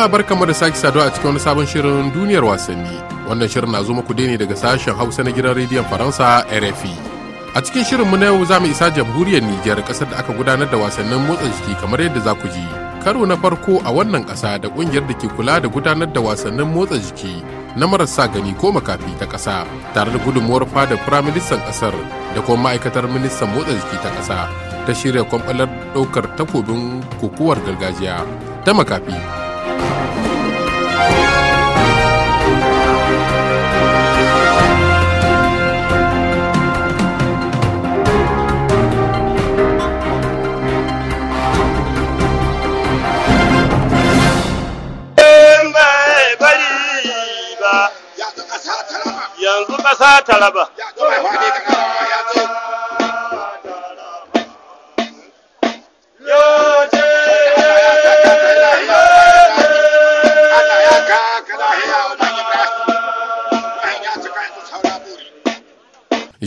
jama'a barkamu da sake saduwa a cikin wani sabon shirin duniyar wasanni wannan shirin na zo muku ne daga sashen hausa na gidan rediyon faransa rfi a cikin shirin mu na yau za mu isa jamhuriyar nijar kasar da aka gudanar da wasannin motsa jiki kamar yadda za ku ji karo na farko a wannan ƙasa da ƙungiyar da ke kula da gudanar da wasannin motsa jiki na marasa gani ko makafi ta ƙasa tare da gudunmuwar fada firaministan ƙasar da kuma ma'aikatar ministan motsa jiki ta ƙasa ta shirya kwamfalar ɗaukar takobin kokuwar gargajiya ta makafi Eh, yanzu ƙasa ta raba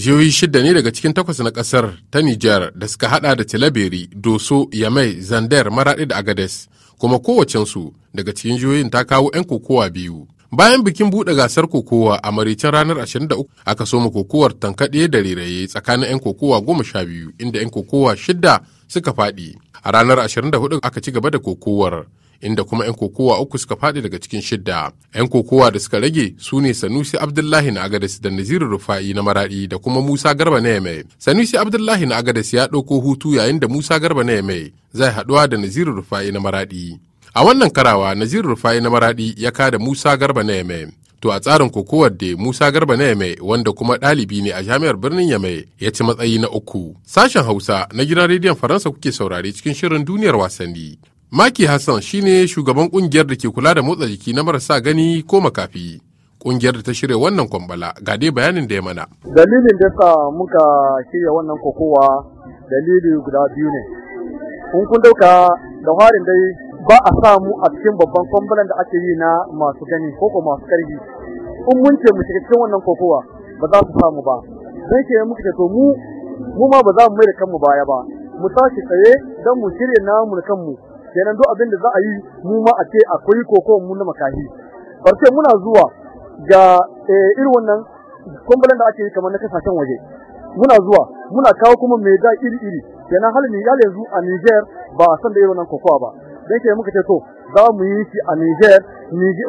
Jihohi shida ne daga cikin takwas na kasar ta Nijar da suka hada da Tilaberi, Doso, Yamai, Zandar, Maraɗi da Agades, kuma kowacensu daga cikin jihohin ta kawo 'yan kokowa biyu. Bayan bikin buɗe gasar kokowa a maricin ranar 23 aka soma kokowar tankaɗe da reraye tsakanin 'yan kokowa goma sha biyu inda 'yan kokowa shida suka faɗi. A ranar 24 aka ci gaba da kokowar inda kuma 'yan kokowa uku suka faɗi daga cikin shidda. 'Yan kokowa da suka rage su ne Sanusi Abdullahi na agadas da Naziru Rufa'i na Maraɗi da kuma Musa Garba na Yame. Sanusi Abdullahi na agadas ya ɗauko hutu yayin da Musa Garba na Yame zai haɗuwa da Naziru Rufa'i na Maraɗi. A wannan karawa Naziru Rufa'i na Maraɗi ya kada Musa Garba na Yame. to a tsarin kokowar da Musa Garba na Yame wanda kuma ɗalibi ne a jami'ar birnin Yame ya ci matsayi na uku. Sashen Hausa na gidan rediyon Faransa kuke saurare cikin shirin duniyar wasanni. Maki Hassan shine shugaban kungiyar da ke kula da motsa jiki na marasa gani ko makafi. Kungiyar da ta shirya wannan kwambala ga dai bayanin da ya mana. Dalilin da sa muka shirya wannan kokowa dalili guda biyu ne. Kun kun dauka da harin dai ba a samu a cikin babban kwambalan da ake yi na masu gani ko ko masu karfi. Kun mun ce mu shiga cikin wannan kokowa ba za su samu ba. Sai ke muka ce to mu mu ma ba za mu mai da kanmu baya ba. Mu tashi tsaye don mu shirya namu da kanmu kenan duk abin da za a yi mu ma a ce akwai koko mu na makahi barce muna zuwa ga eh, irin wannan kumbulan da ake yi kamar na kasashen waje muna zuwa muna kawo kuma mai da iri iri kenan ne yale yanzu a Niger ba a san da irin wannan kokowa ba dan ke muka ce to za mu yi shi a Niger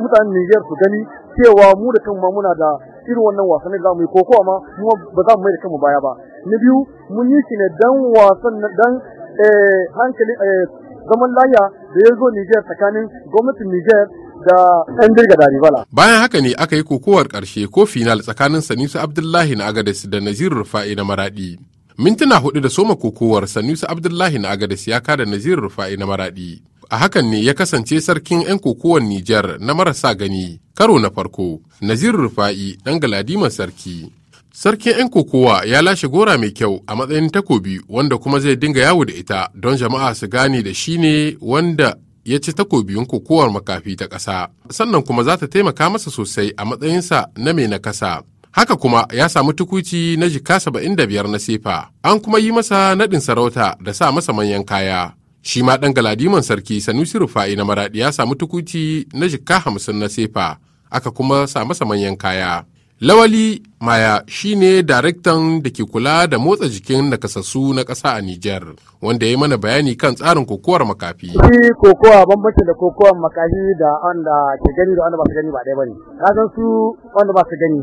mutanen Niger su gani cewa mu da kanmu muna da irin wannan wasannin za mu yi kokowa ma mu ba za mu mai da kanmu baya ba na biyu mun yi shi ne dan wasan dan eh, eh, zaman laya da ya zo Nijar tsakanin gwamnatin Nijar da ɗan dirga Daribala. Bayan haka ne aka yi kokowar ƙarshe ko final tsakanin Sanusi Abdullahi na agadis da Nazir Rufa'i na Maraɗi. Mintuna hudu da soma kokowar Sanusi Abdullahi na agadis ya kada Nazir Rufa'i na Maraɗi. A hakan ne ya kasance sarkin 'yan kokowar Nijar na marasa gani karo na farko Nazir Rufa'i ɗan galadiman sarki. Sarkin 'yan kokowa ya lashe gora mai kyau a matsayin takobi wanda kuma zai dinga yawo da ita don jama'a su gane da shi ne wanda ya ci takobin kokowar makafi ta ƙasa. Sannan kuma za ta taimaka masa sosai a matsayinsa na mai na kasa. Haka kuma ya samu tukuci na jika saba'in da biyar na sefa. An kuma yi masa naɗin sarauta da sa masa manyan kaya. Shi ma ɗan galadiman sarki Sanusi Rufa'i na Maraɗi ya samu tukuci na jika hamsin na sefa. Aka kuma sa masa manyan kaya. Lawali Maya shi ne daraktan da ke kula da motsa jikin nakasassu na ƙasa a Nijar, wanda ya mana bayani kan tsarin kokowar makafi. Shi kokowa bambanci da kokowar makafi da wanda ke gani da wanda ba su gani ba ɗaya ba ne. Kasan su wanda ba su gani.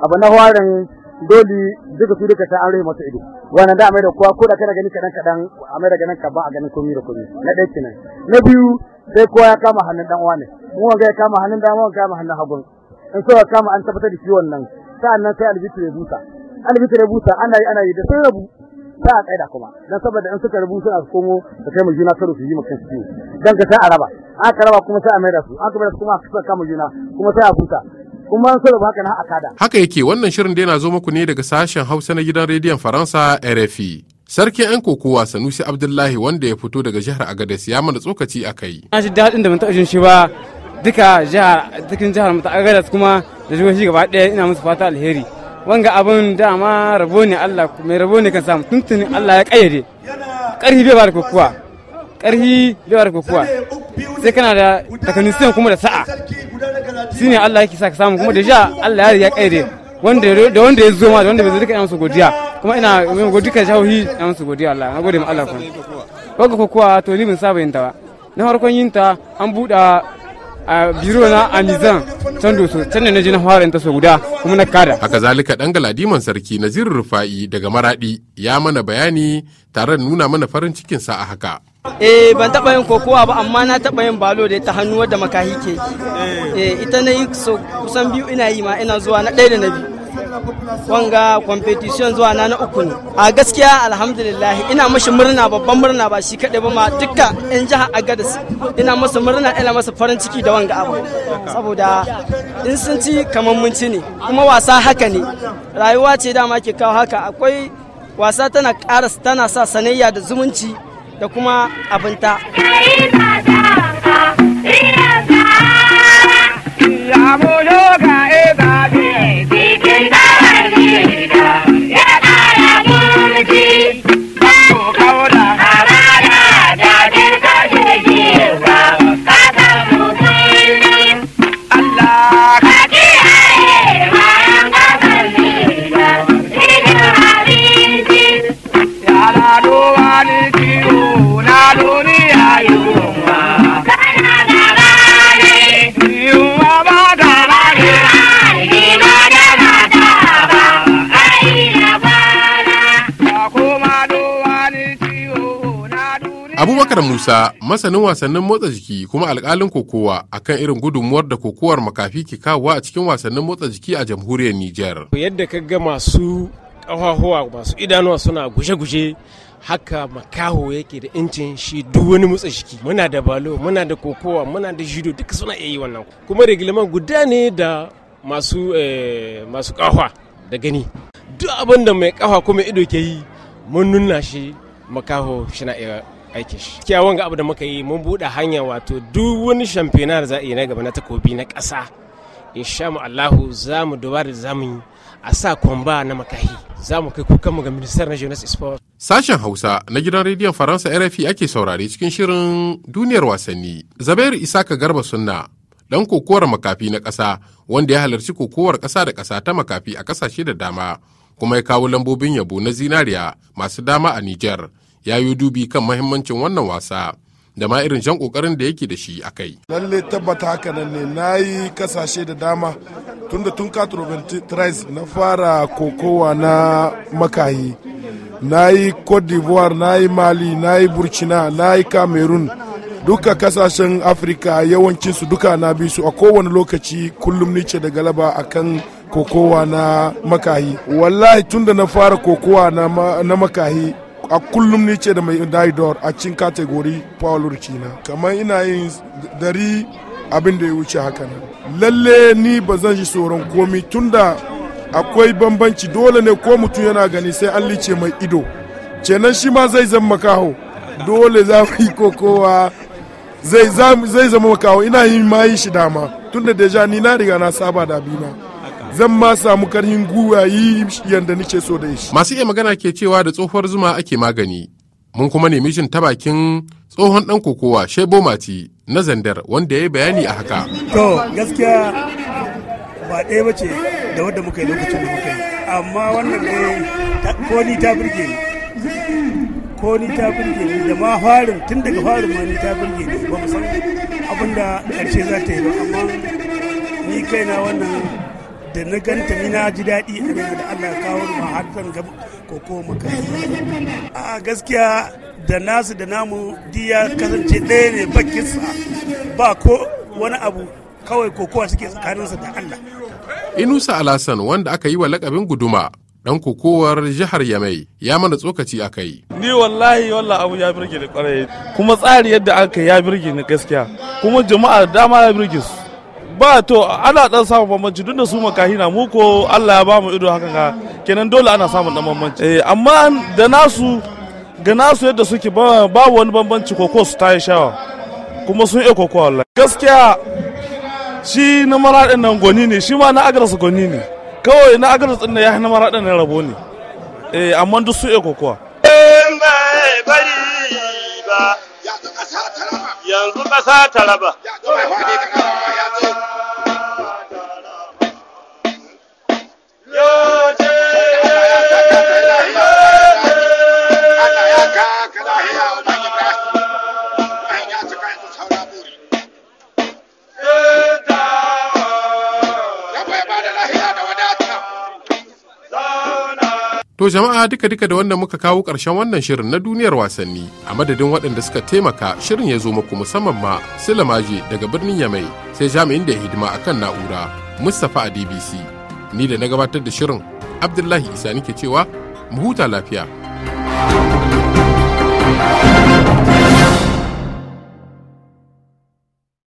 Abu na warin doli duka su duka ta an rai masu ido. Wannan da a mai da kowa ko da kana gani kaɗan kaɗan a mai da ganin ka ba a ganin komi da komi. Na ɗaya kenan. Na biyu sai kowa ya kama hannun ɗan uwa ne. Mu wanga ya kama hannun dama wanga kama hannun hagun. in suka kama an tabbatar da ciwon nan sa'annan sai albitir ya busa albitir ya busa ana yi ana yi da sun rabu ta a kaida kuma dan saboda in suka rubu suna komo da kai mu juna karo su yi maka ciwo dan ka sai a raba aka raba kuma sai a da su aka maida kuma suka kama juna kuma sai a busa kuma an saba haka na akada haka yake wannan shirin da yana zo muku ne daga sashen Hausa na gidan rediyon Faransa RFI Sarkin 'yan kokowa Sanusi Abdullahi wanda ya fito daga jihar Agadez ya mana tsokaci a kai. Na ji daɗin da ban taɓa jin shi ba duka jihar cikin jihar mu ta kuma da jihohi gaba daya ina musu fata alheri wanga abin dama rabo ne Allah mai rabo ne kan samu tuntuni Allah ya kayyade karhi bai ba da kokuwa karhi bai ba da kokuwa sai kana da takanisiyan kuma da sa'a shine Allah yake sa ka samu kuma da ja Allah ya ya kayyade wanda da wanda ya zo ma da wanda bai zo duka ina musu godiya kuma ina mai godiya jahohi ina musu godiya Allah na gode ma Allah kuma wanga kokuwa to ni ban saba yin ta ba na farkon yin ta an buɗa a biro na anizan can doso can ne na ji na fara ta so guda kuma na kada a kazalika dan galadiman sarki nazir rufa'i daga maradi ya mana bayani tare da nuna mana farin cikin sa a haka eh ban taba yin kokowa ba amma na taba yin balo da ta hannu wadda makahi ke eh ita na yi kusan biyu ina yi ma ina zuwa na ɗaya da na biyu wanga competition zuwa na na uku ne a gaskiya alhamdulillah ina mashi murna babban murna ba shi kaɗai ba ma dukka yan a gadas ina masa murna ina masa farin ciki da wanga abu saboda in sun ci kamar mun ci ne kuma wasa haka ne rayuwa ce dama ke kawo haka akwai wasa tana ƙara tana sa sanayya da zumunci da kuma abinta. Abubakar Musa masanin wasannin motsa jiki kuma alkalin kokowa akan irin gudunmuwar da kokowar makafi ke kawowa a cikin wasannin motsa jiki a jamhuriyar Nijar. Yadda ka ga masu ƙafafuwa masu idanuwa suna guje-guje haka makaho yake da incin shi duk wani motsa jiki muna da balo muna da kokowa muna da judo duka suna iya yi wannan kuma regulaman guda ne da masu eh, masu kafa da gani duk abinda da mai kafa kuma ido ke yi mun nuna shi makaho shi na iya aikin shi kyawun ga abu da muka yi mun buɗe hanya wato duk wani shamfena da za a yi na gaba na takobi na ƙasa insha mu Allahu za mu duba da za mu yi a sa kwamba na makahi za mu kai kukanmu ga ministan na jonas sport sashen hausa na gidan rediyon faransa rfi ake saurare cikin shirin duniyar wasanni zabairu isaka garba sunna dan kokowar makafi na ƙasa wanda ya halarci kokowar ƙasa da ƙasa ta makafi a ƙasashe da dama kuma ya kawo lambobin yabo na zinariya masu dama a Nijar ya yi dubi kan mahimmancin wannan wasa da ma irin jan kokarin da yake da shi a kai. Lalle tabbata haka nan ne na yi kasashe da dama tun da tun na fara kokowa na makahi. Na yi Cote d'Ivoire, na yi Mali, na yi Burkina, na yi Cameroon. Duka kasashen Afirka yawancinsu duka na bi su a kowane lokaci kullum nice da galaba akan kokowa na makahi. Wallahi tunda na fara kokowa na makahi a kullum ni ce da mai daidor a cikin kategori power kina kamar ina yin dari abin da ya wuce haka nan lalle ni ba zan shi tsoron komi tunda akwai bambanci dole ne ko mutum yana gani sai an lice mai ido kenan shi ma zai zama makaho dole za mu yi kokowa zai zama makaho ina yin mayi shi dama tunda deja ni na riga na saba da abina zan ma samu karhin gwiwa yi yadda nake so da shi. Masu iya magana ke cewa da tsohuwar zuma ake magani. Mun kuma nemi shin ta bakin tsohon ɗan kokowa Shebo Mati na Zandar wanda ya yi bayani a haka. To gaskiya ba ɗaya ba ce da wadda muka yi lokacin da muka yi. Amma wannan ne ko ni ta birge ni. Ko ni ta birge ni da ma farin tun daga farin ma ni ta birge ni ba mu san abin da ƙarshe za ta yi ba amma ni kaina wannan da na ganta ni na ji daɗi a da Allah ya kawo mu har gaba ko ko maka a gaskiya da nasu da namu diya kasance ɗaya ne bakinsa ba ko wani abu kawai kokowa suke tsakaninsa da Allah Inusa Alasan wanda aka yi wa lakabin guduma dan kokowar jihar Yamai ya mana tsokaci a kai. Ni wallahi wallahi abu ya birge ni kwarai kuma tsari yadda aka ya birge ni gaskiya kuma jama'a dama ya birge su. ba to ana dan samun bambanci duk da su makahi na muko Allah ya ba mu ido hakan ga kenan dole ana samun dan bambanci eh amma da nasu ga nasu yadda suke ba wani bambanci koko su ta yi shawa kuma sun iya koko wallahi gaskiya shi na maradin nan goni ne shi ma na agarsa goni ne kawai na agarsa din ya na maradin nan rabo ne eh amma duk su iya kokowa eh, yanzu kasa ta raba yanzu kasa ta raba To jama'a duka-duka da wannan muka kawo ƙarshen wannan shirin na duniyar wasanni a madadin waɗanda suka taimaka shirin ya zo muku musamman ma Silamaje daga birnin Yamai sai jami'in da ya hidima akan na'ura Mustapha a DBC. Ni da na gabatar da shirin Abdullahi Isa nike cewa mu huta lafiya. thank you